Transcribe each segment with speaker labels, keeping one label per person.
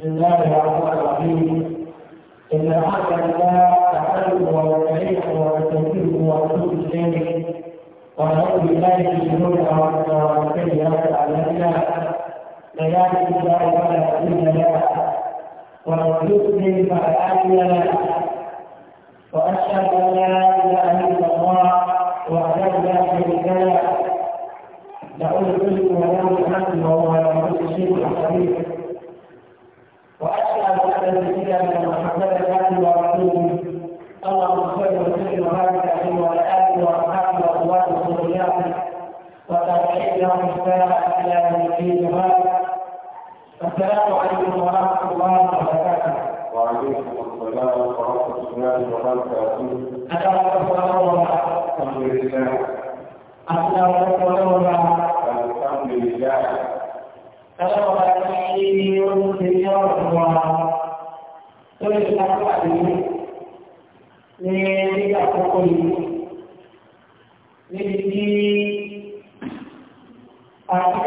Speaker 1: بسم الله الرحمن الرحيم إن الحمد لله نحمده ونستعينه ونستغفره إليه ونعوذ بالله من شرور أنفسنا ومن سيئات أعمالنا الله فلا مضل له ومن يضلل فلا وأشهد أن لا إله إلا الله وحده لا شريك له
Speaker 2: له الملك وهو على كل شيء
Speaker 1: هذه الجماعة
Speaker 2: السلام عليكم ورحمة الله وبركاته وعليكم السلام ورحمة الله وبركاته أنا أقول الله الحمد لله
Speaker 1: أنا أقول الله الحمد لله سلام عليكم ورحمة الله lórí ìdájọ́ àdéhùn ní nígbà àkókò yìí níbi tí a ti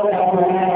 Speaker 1: ọ̀pọ̀lọpọ̀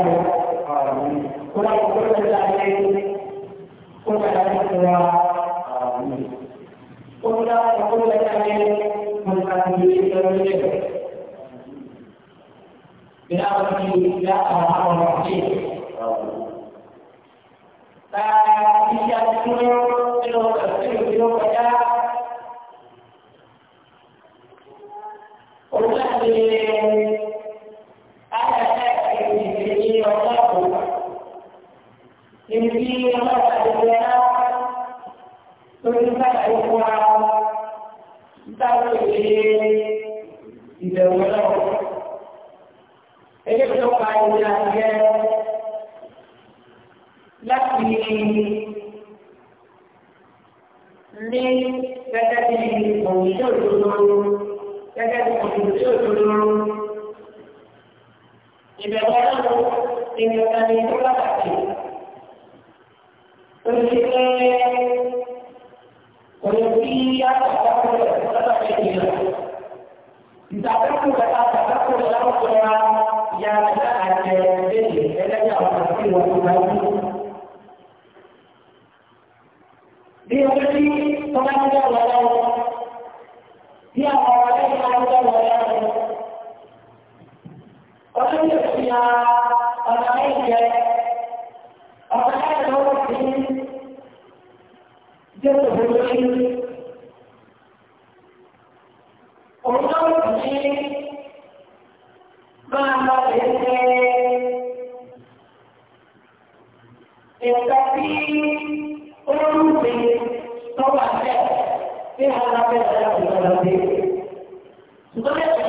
Speaker 1: Sebenarnya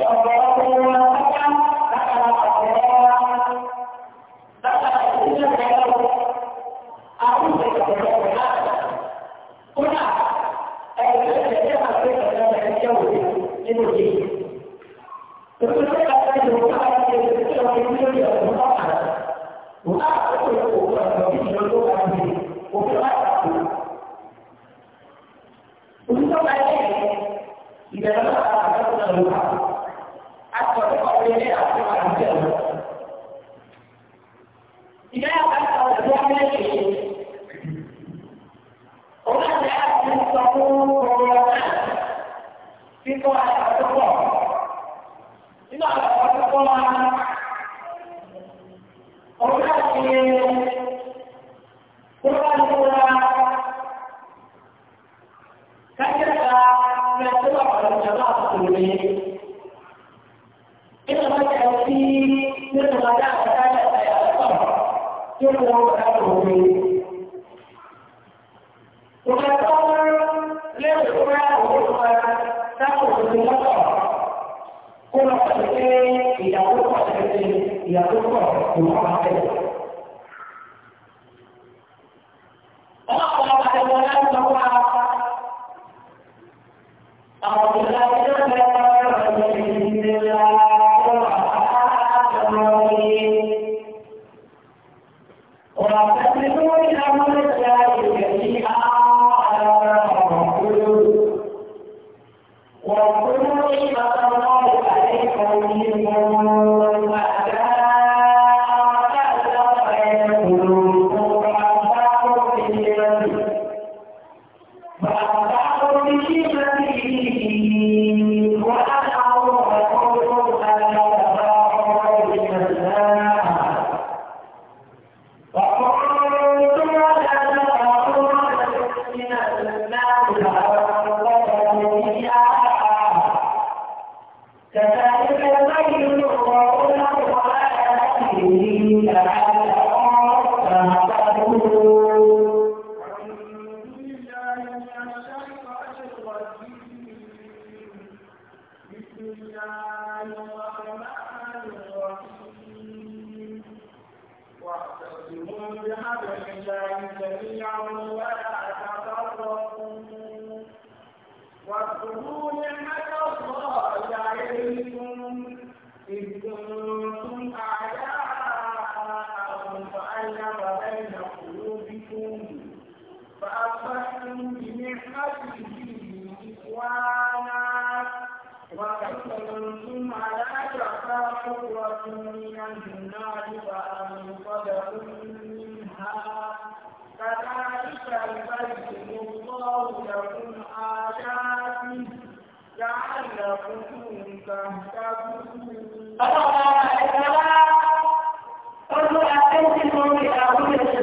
Speaker 1: Allah telah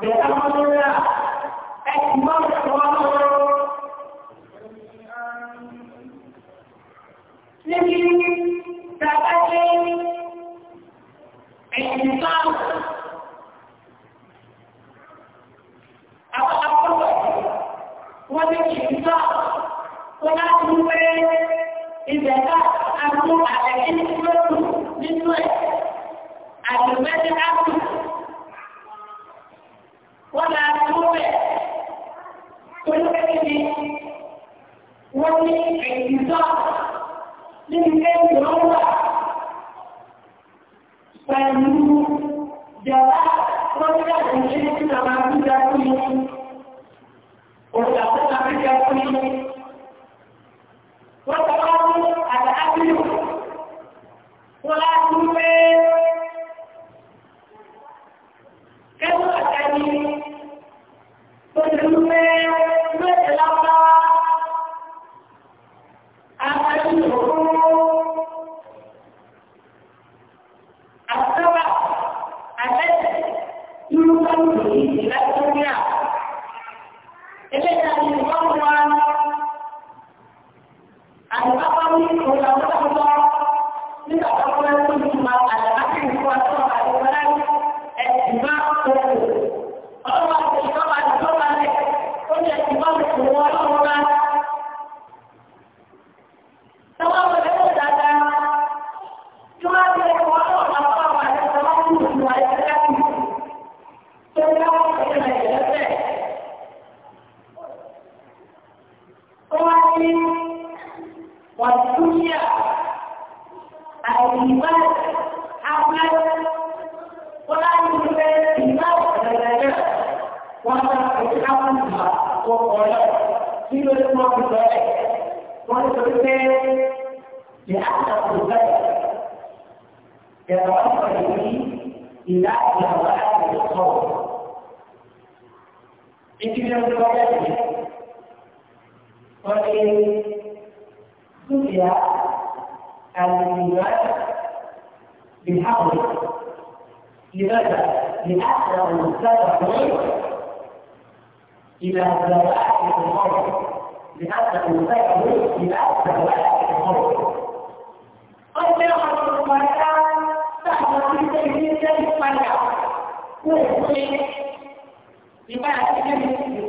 Speaker 1: Thank you. الدنيا والدنيا العباد عمل ولا يوجد عباد درجات ولا تتحملها وقولا في الاسلام ذلك والبركات لأن القربان يتوصل به إلى جواب القول. إذن الروايات وإن سئل الإيمان بالحق لماذا؟ لأنه سبب إلى زواج الأرض لأنه سبب إلى زواج الأرض قد يخرج المكان سهل في تجديد المكان ويصير لما يجب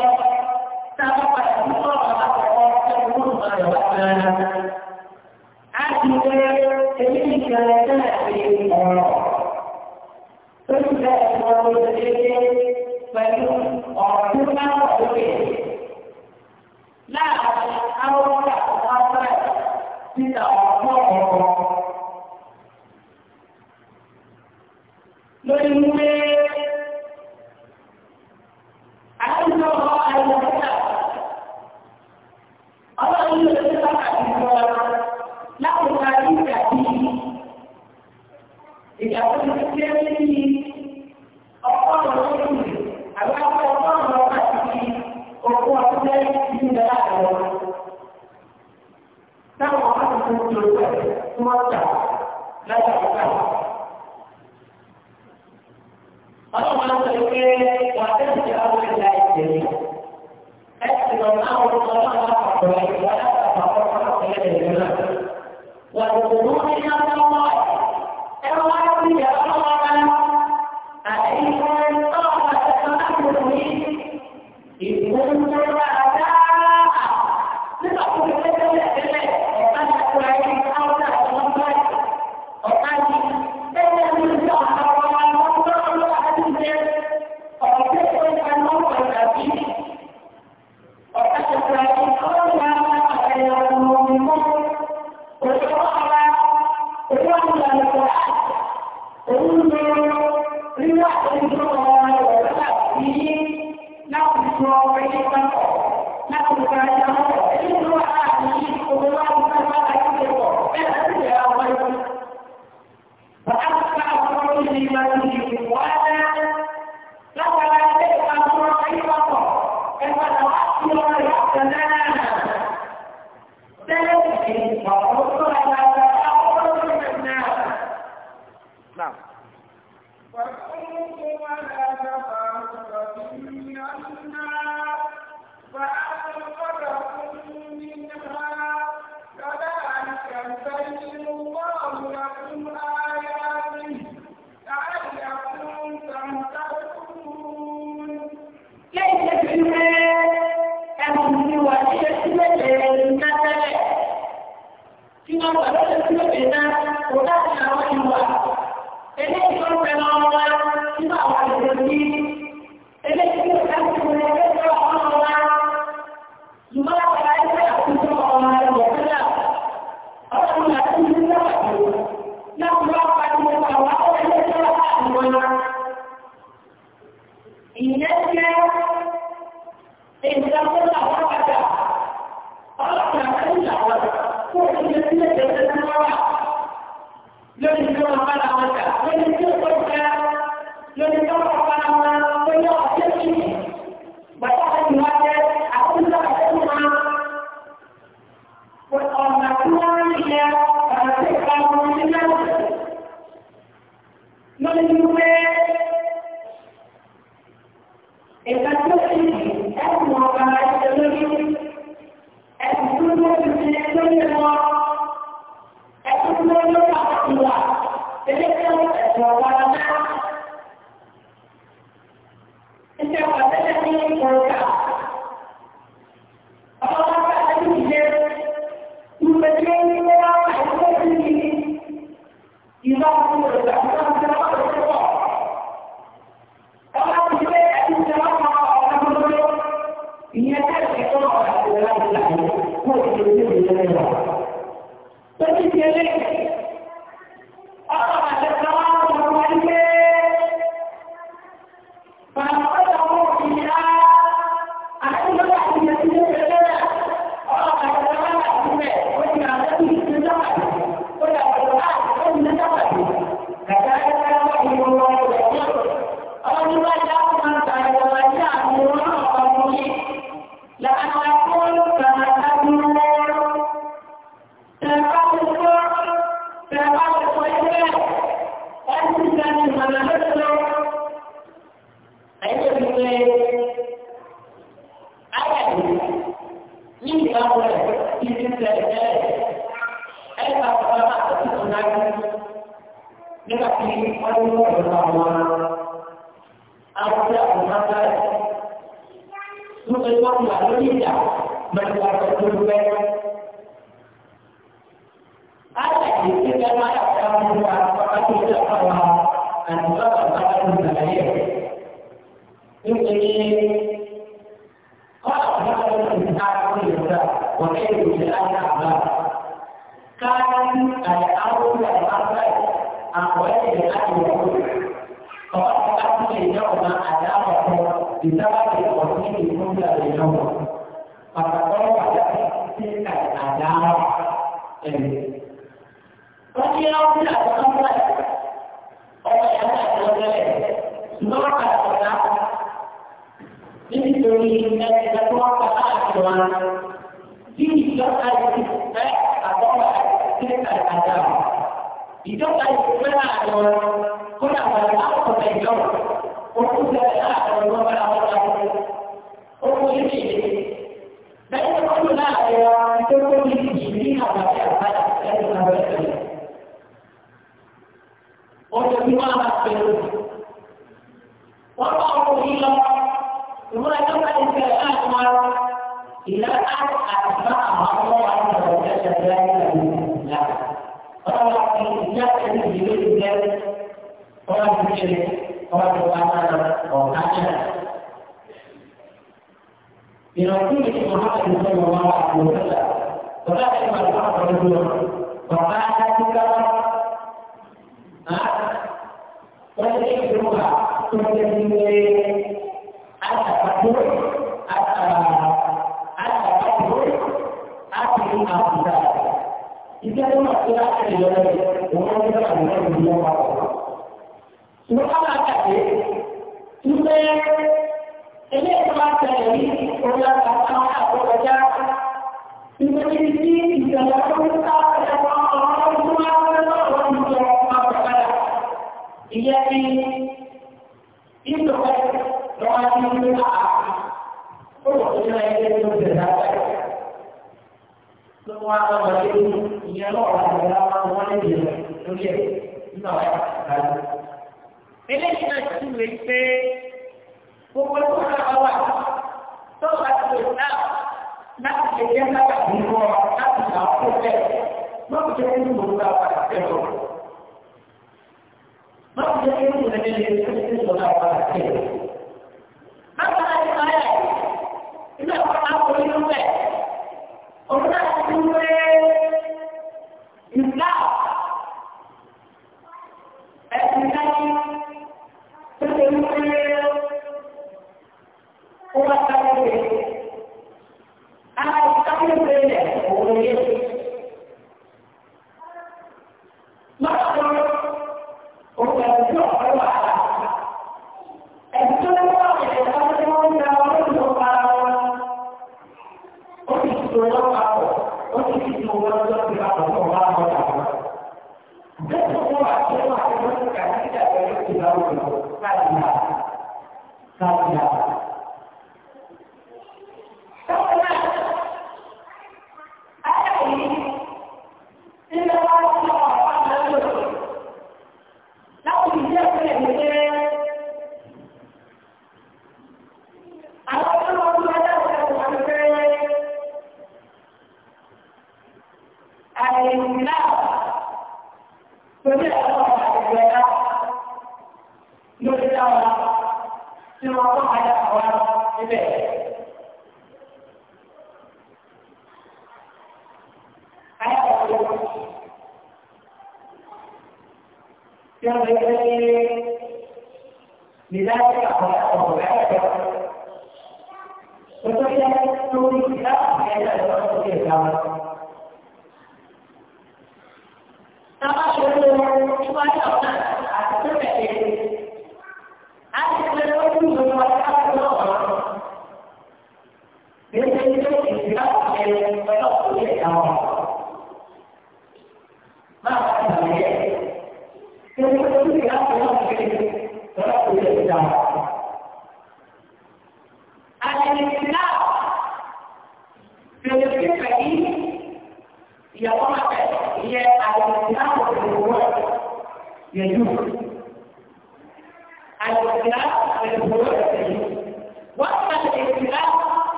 Speaker 1: Kalau tidak, kalau tidak, kalau tidak,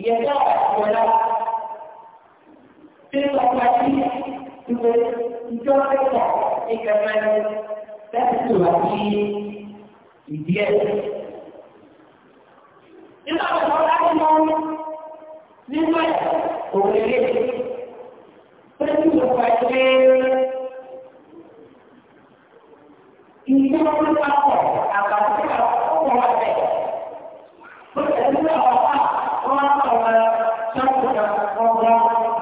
Speaker 1: dia you adalah Tengok lagi Juga Juga tengok Jika mana Dan itu lagi Dia Kita bersorak dengan Lima Boleh Perlu berbaca Ini adalah apa? Apa itu? Apa itu? Berkata-kata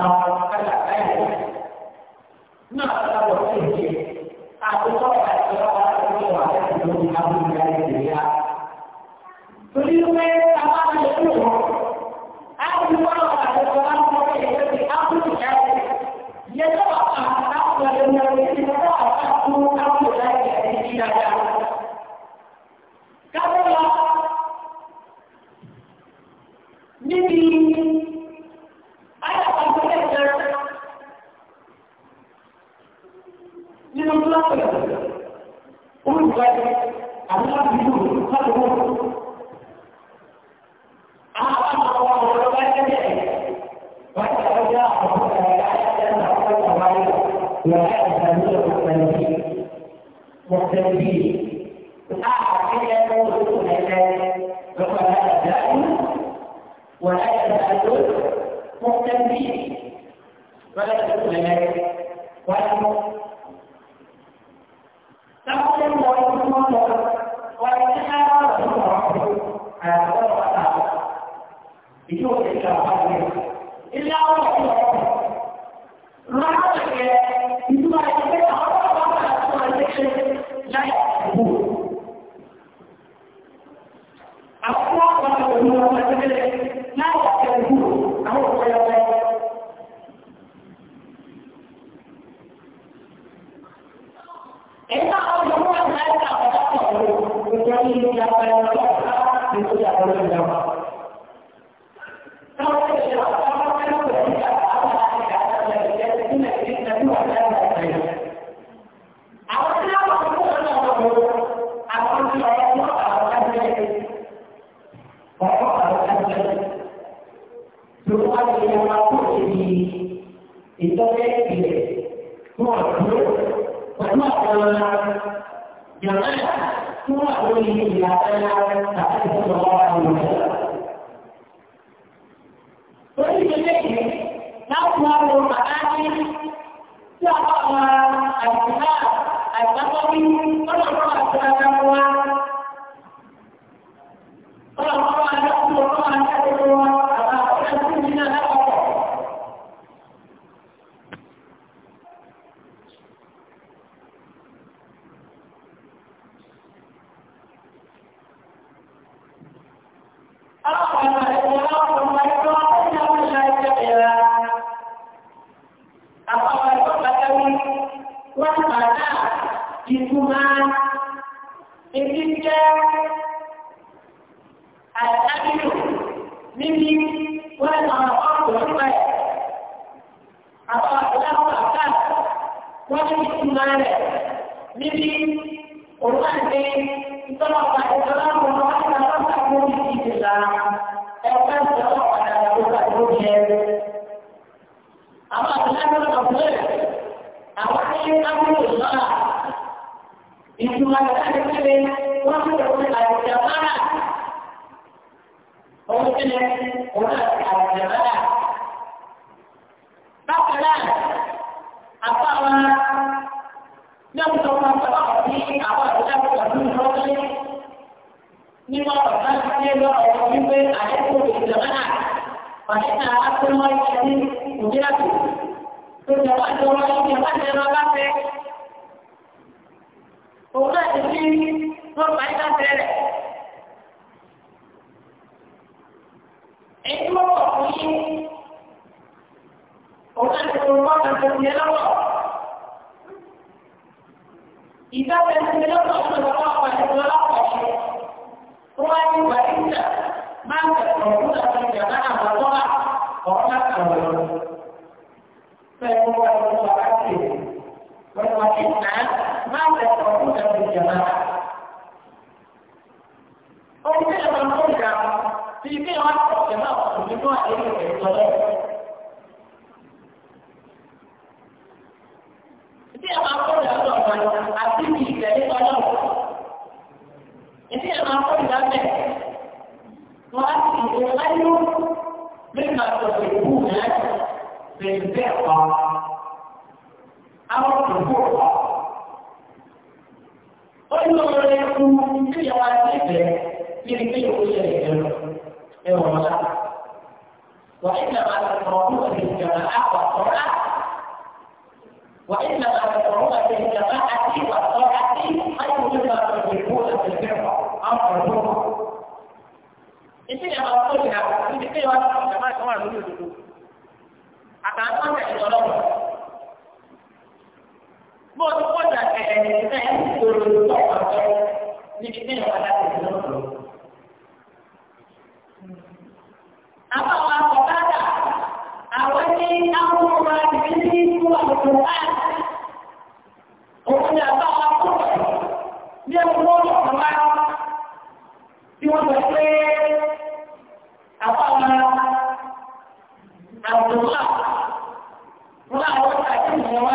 Speaker 1: Aku tak boleh cuci. Aku tak boleh cuci. Aku tak boleh cuci. Aku tak bí ataupun dalam perjalanan. Kalau kita dalam kerja, di sini orang terkenal, semua ini berbeda. Jadi apa pun yang orang baca, arti ini jadi tolong. Jadi apa pun yang dapat, orang ini orang itu dengan berbuat dengan berbuat apa? Apa berbuat apa? ọjọ́ rẹ̀ kú kéèyàn wá sí ìfẹ́ kí ni kéèyàn ó ṣẹlẹ̀ ìfẹ́ lọ ẹ wọ̀n wá. وإنما تكرهون في الجماعة والطاعة وإنما تكرهون في الجماعة والطاعة خير مما تكرهون في الفرقة أو الفرقة. ìpínlẹ̀ máa ń tóbi náà ìdílé wa ní ìjọba ìjọba ìlú òdodo àtàwọn ọ̀sẹ̀ ìjọba ọ̀sẹ̀. bó ti kọjá ẹ̀ẹ́dẹ̀ẹ́dẹ́ náà lòrò lọ́wọ́ ọ̀tọ̀ níbi tí ìwà láti lọ lọ. Àwọn àwọn akọ̀kọ̀dà àwọn ní àwọn ọmọ àti ní ìlú àgùntàn báyìí. Òun ni àbá wa kọ̀ ní ọmọ ọmọ wa tí wọ́n sọ pé àbá wa àgùntàn wa wọ́n àwọn ọ̀tà tí wọ́n wá.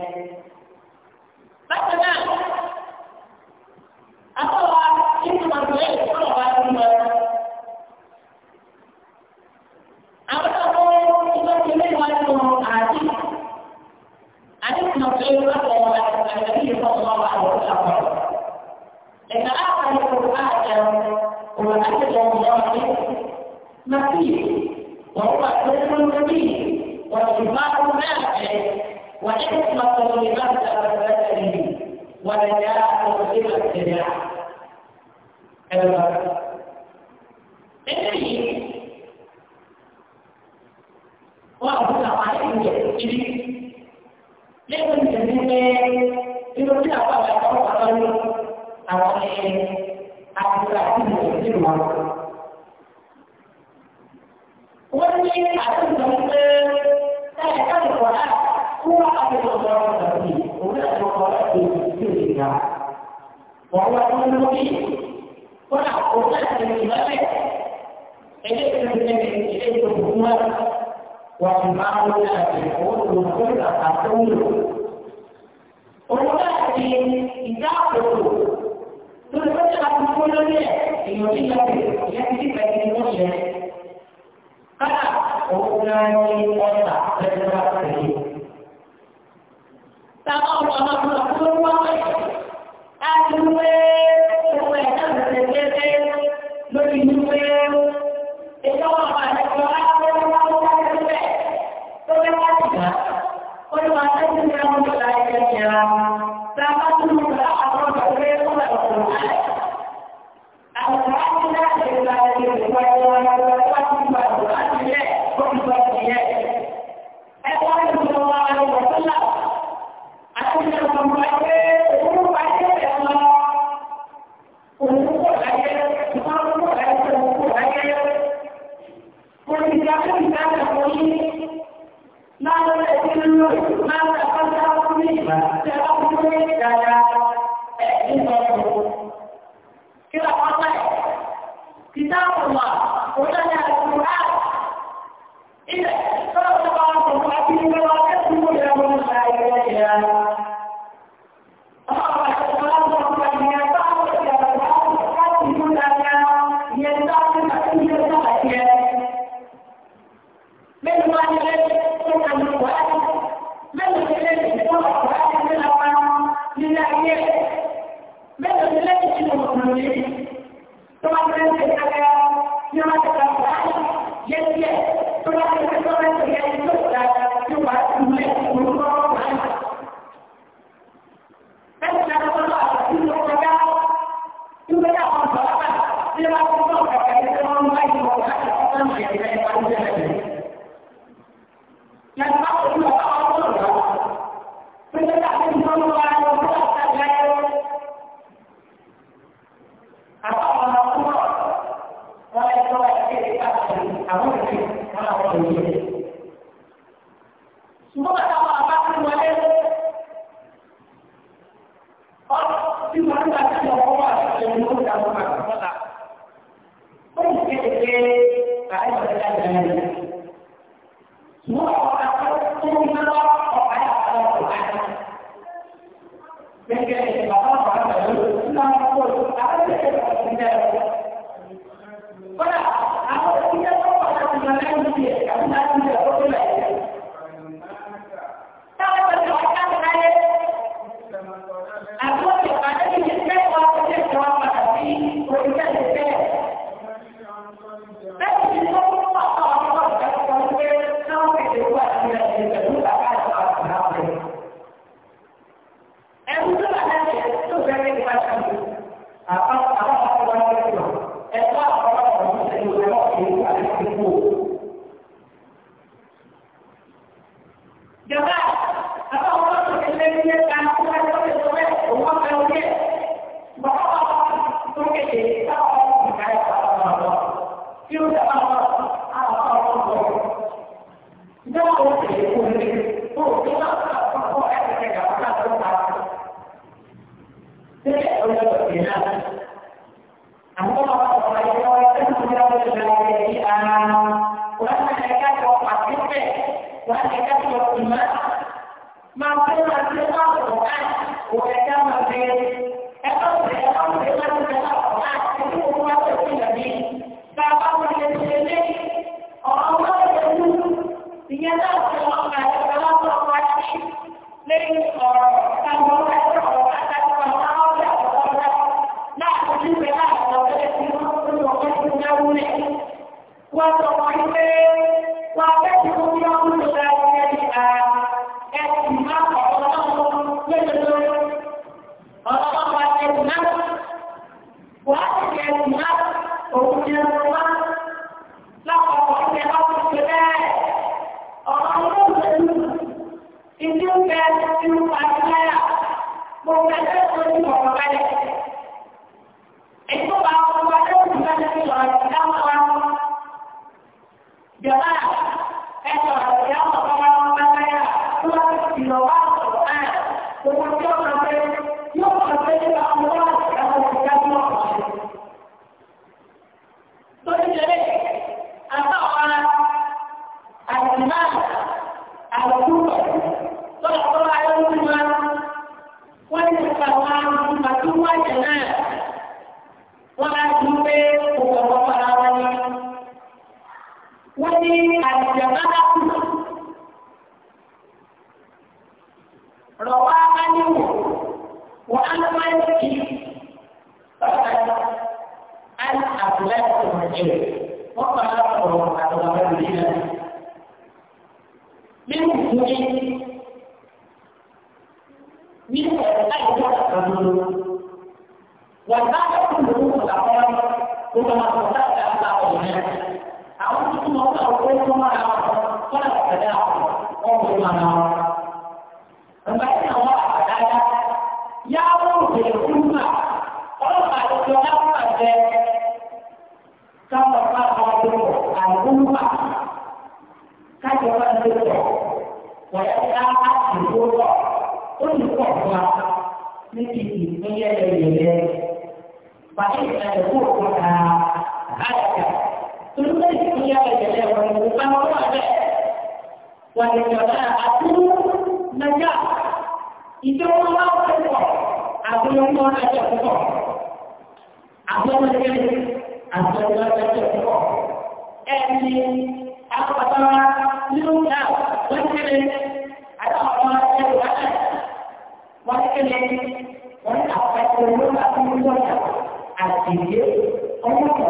Speaker 1: أو sisi dia dari dia. Baik ada buat kata ada. Tunggu lagi dia dari dia orang bukan orang ada. Wanita kata aku najak itu orang lain kok. Aku yang orang najak kok. Aku yang dia aku yang orang najak kok. Eh aku kata lu nak buat ni. Ada orang yang buat ni. Buat ni kalau tak akan mencari apa? Adik dia, orang tak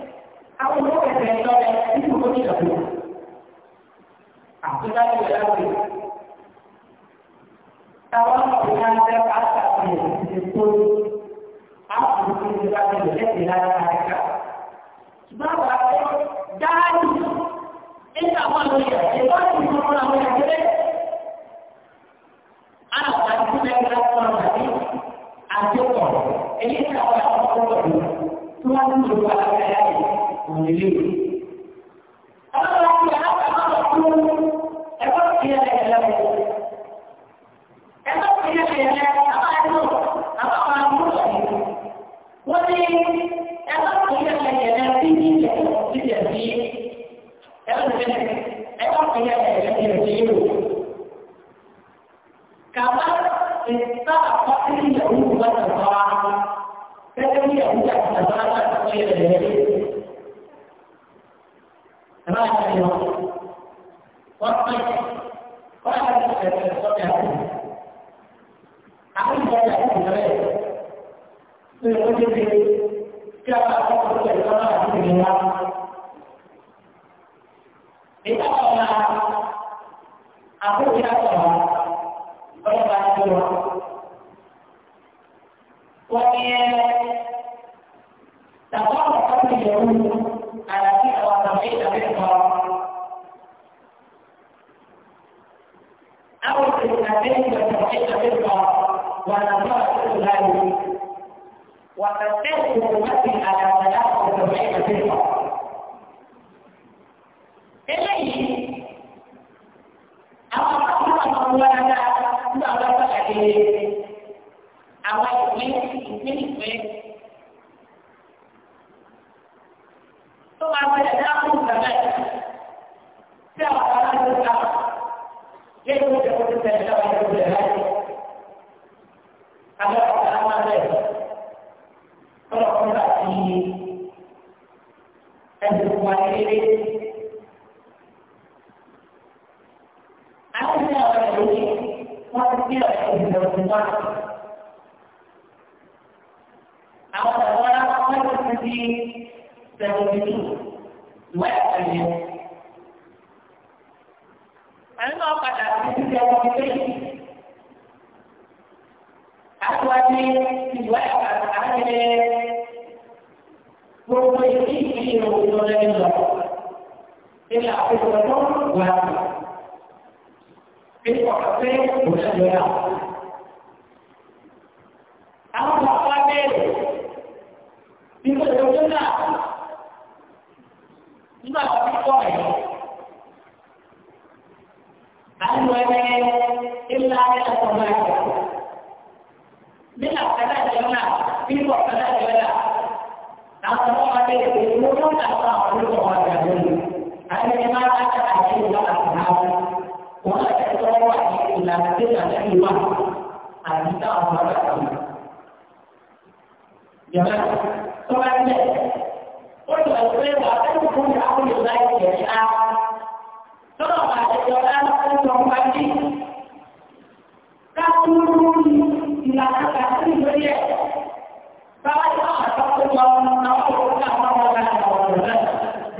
Speaker 1: aku mau ke sana itu ada ibu Aku tak ada lagi. Kalau punya saya kata punya itu aku mungkin juga tidak dengan mereka. Sebab apa? Dan tidak malu ya. Itu aku pun pernah melihat. Anak kita pernah tadi, ini kita orang-orang Tuhan juga akan menyelidiki. Apa lagi yang ada pada waktu esok dia tidak ada. Esok dia tidak ada. Apa itu? Apa orang muslim? Wani esok dia tidak ada. Tidak ada. Tidak ada. Esok dia tidak ada. Tidak ada. Kapan kita pasti tidak berubah dan berubah. Kita tidak berubah dan berubah. Kita tidak berubah. ثلاثة يوم والطيب ولا أحد يستطيع أقول لا يحب غيره من وجهه كما أقول الكلام في الله إذا قال أقول يا الله ولا أقول وهي تقام قبل يوم رأيت حفظا أو الإنسانين رأيت حفظا ونظرت إليه وفتحت أمتي على ثلاثة وسبعين حفظا إليه أما قبل أن أقول لك أنت أردت Bila
Speaker 2: kata ada benar, pintu akan ada benar. Tak semua ada di mulut, tak semua ada di mulut.
Speaker 1: Ada di mana ada di mulut, tak semua ada di mulut. Kau tak semua ada di mulut, tak semua ada di mulut. Adita Allah tak semua. Jangan, tuan ini. Untuk mencoba, saya pun punya aku yang lain di sini. Tolong, saya jangan mencoba lagi.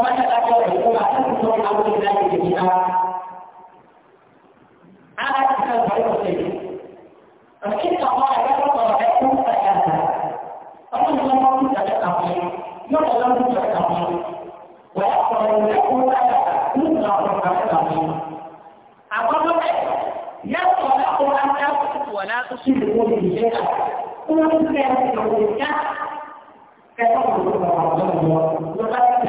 Speaker 1: masyarakat berkurang untuk kamu tidak dikejar. Anak kita baik sekali. Tapi kalau ada orang yang pun tak ada, apa yang kamu tidak tahu? Ia dalam tidak tahu. Walau kalau dia pun tak ada, pun tak akan tahu. Apa yang dia tahu? orang yang tuan itu sudah mengajar. Tuan itu yang mengajar. Kita perlu berusaha untuk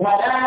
Speaker 1: Yeah.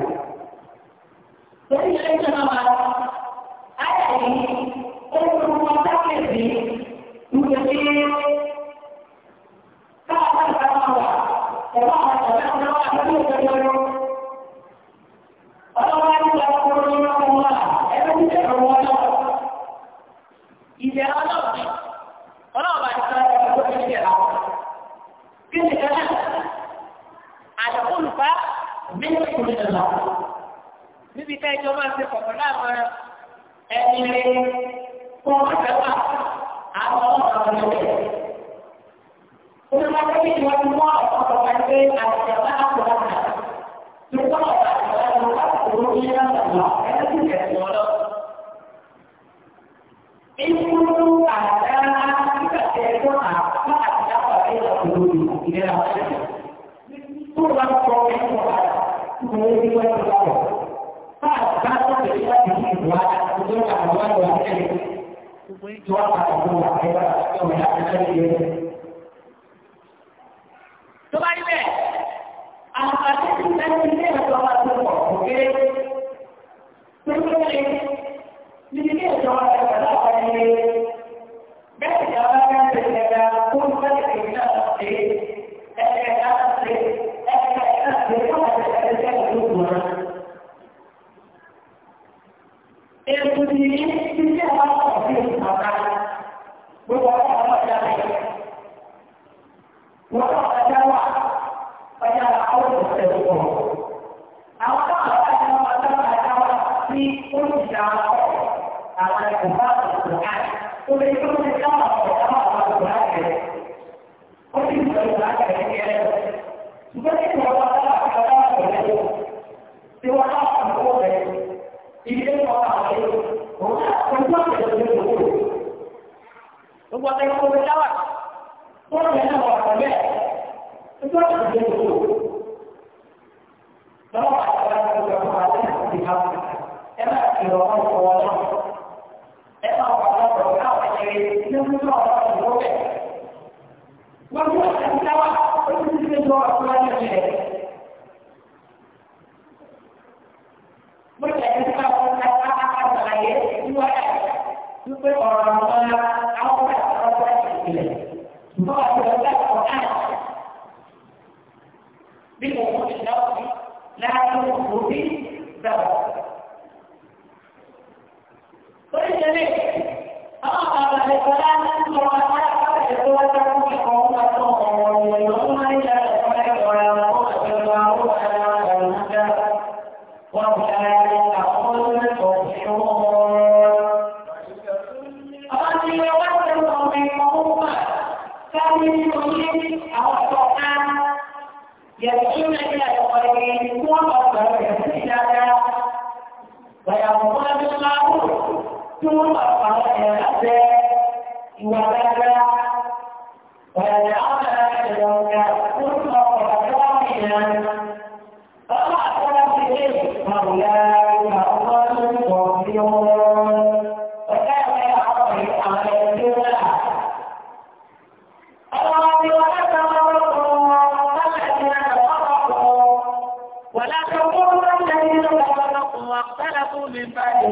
Speaker 1: 能听见吗？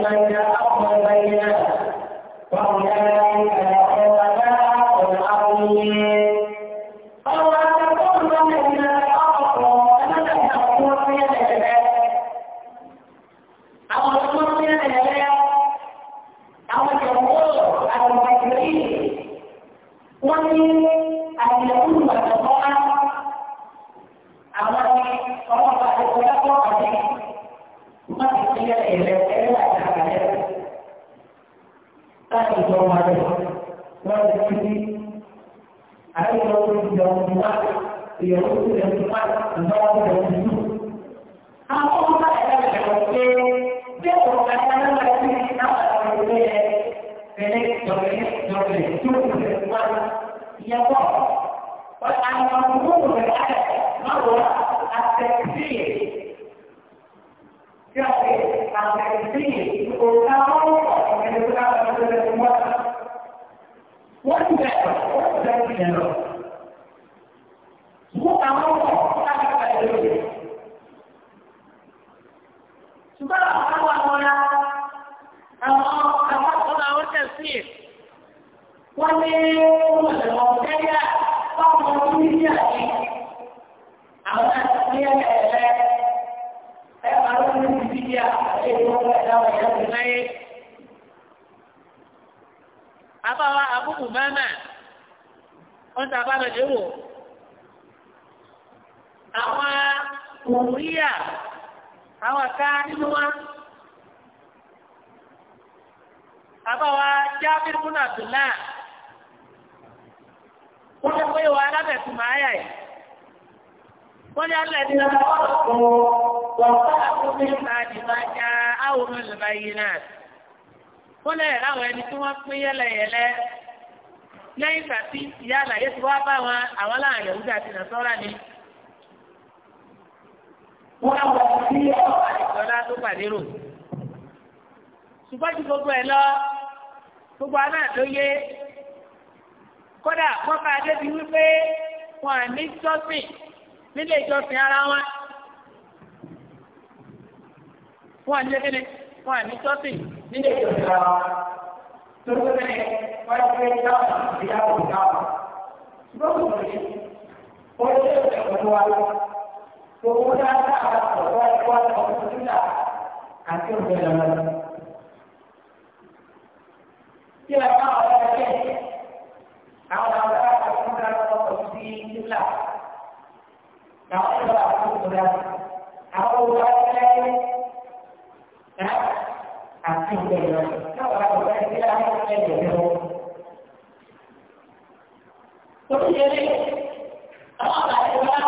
Speaker 1: ọ̀rọ̀ àwọn àká nínú wa àbáwa jábìr fún àdùlá wọ́n ti pé wa alábẹ̀tù máa yà yìí wọ́n ní alẹ́ ní ọ̀pọ̀ wọ́n bá àkókò na àdìbá já àwòrán ìlúba yìí náà wọ́n lẹ̀ láwọn ẹni tí wọ́n pín yẹ́lẹyẹ̀lẹ lẹ́yìn ìgbà tí ìyá àlàyé ti wá bá wọn àwọn ni. wọ́n gbogbo ẹ̀ lọ gbogbo aná tó yé kódà wọ́n bá débi wípé wọn à ní jọ́sìn nílé ìjọsìn ara wọn. wọn à ní lẹ́kẹ́lẹ́ wọn à ní jọ́sìn nílé ìjọsìn ara wọn. tó ló dé wọ́n ti gbé dáhùn ìyá òun dáhùn. ṣùgbọ́n kò ní orí ẹ̀sẹ̀ pẹ̀lú wa lọ́wọ́. Kemudian ada alat perbuatan pemuda hancur dalam Siapa orang ini? Awal-awal pemudaan posisi itulah. Kalau ada pemudaan, awal mulai ya, hancur dalam. Kalau orang lain tidak hancur dalam. Terus jadi, kalau ada orang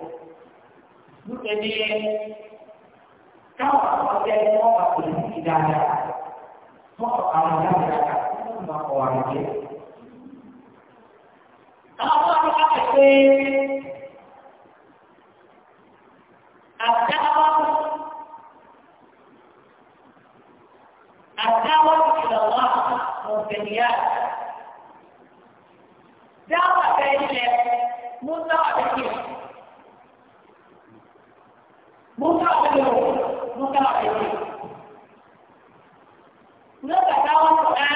Speaker 1: Bukan dia. Kau mau apa pun Mau apa dia tidak ada. Mau Kalau apa apa sih? Adakah Adawat Allah mungkin dia dapat dari Muka belum, muka belum. Mereka tahu apa,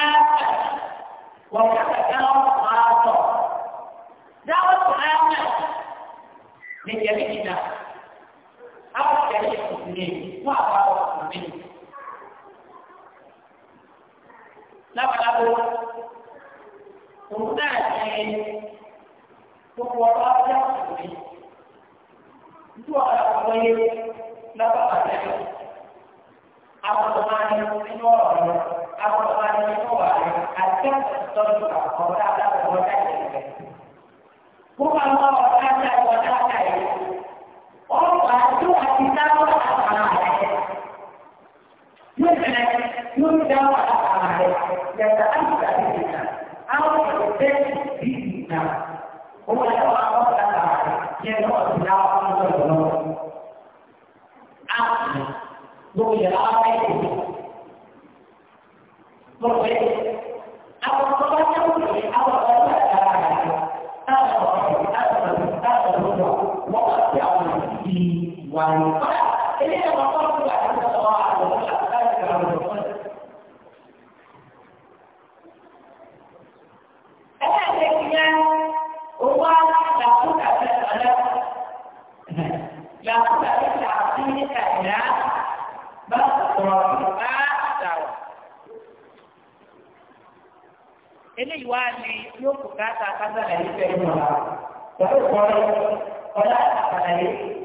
Speaker 1: mereka tahu apa. Jawab apa? Menjadi kita.
Speaker 2: Apa jadi
Speaker 1: ini? Apa ini? Lapa lapu, kemudian ini, kemudian ini, itu adalah kawin napa ada itu apa teman senior apa teman senior ada contoh kota ada kota bukan mau ada kota lain
Speaker 2: oh baru hati tahu apa ada
Speaker 1: mungkin mungkin ada apa ada yang tak ada di sana apa yang di sana وعن الفرق إلينا مطلوب عند الله عز وجل ذلك عن الرسول هو يقول يقول أن العقيدة كائنات بس تراثها دعوة eléyìí wá ní yóò kó káàtà kásá lẹ́yìn fẹ́ẹ́ mọ̀ ọ́ pẹ̀lú ìkọ́rẹ́ ọ̀dà àtàlẹ́